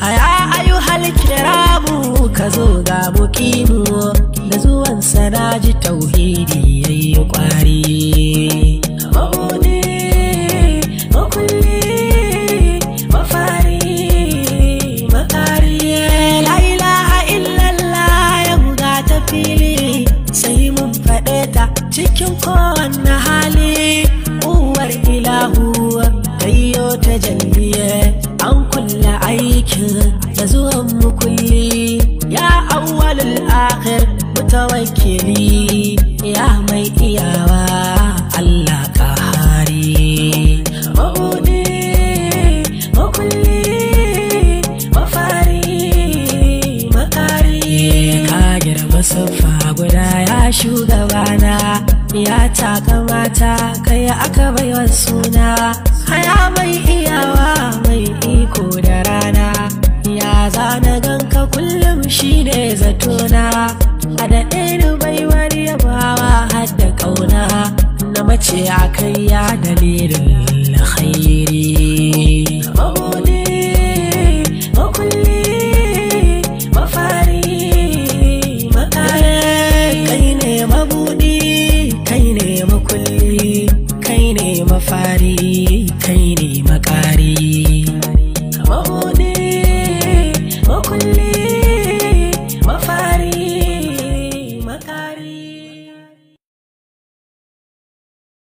aya ayu halkiramu ka zo ga mukimu da zuwan sana ji tauhidi yayi kwari maune makulli mafari makari la ilaha illallah yau ga ta fili sai mun faɗe ta cikin kowanne hali uwar ilahu kayyo ta jalliye an kulle aikin da zuwan ya ya awwal al akhir mutawakkili ya mai iyawa Allah kahari mabude makulli mafari makari ka girma siffa guda ya shugabana ya takamata kai aka baiwa suna tona hada ɗaya yabawa har da ƙauna na mace a ya dalilin alkhairi mabuɗe makulli mafari makare kai ne ne ne ne makari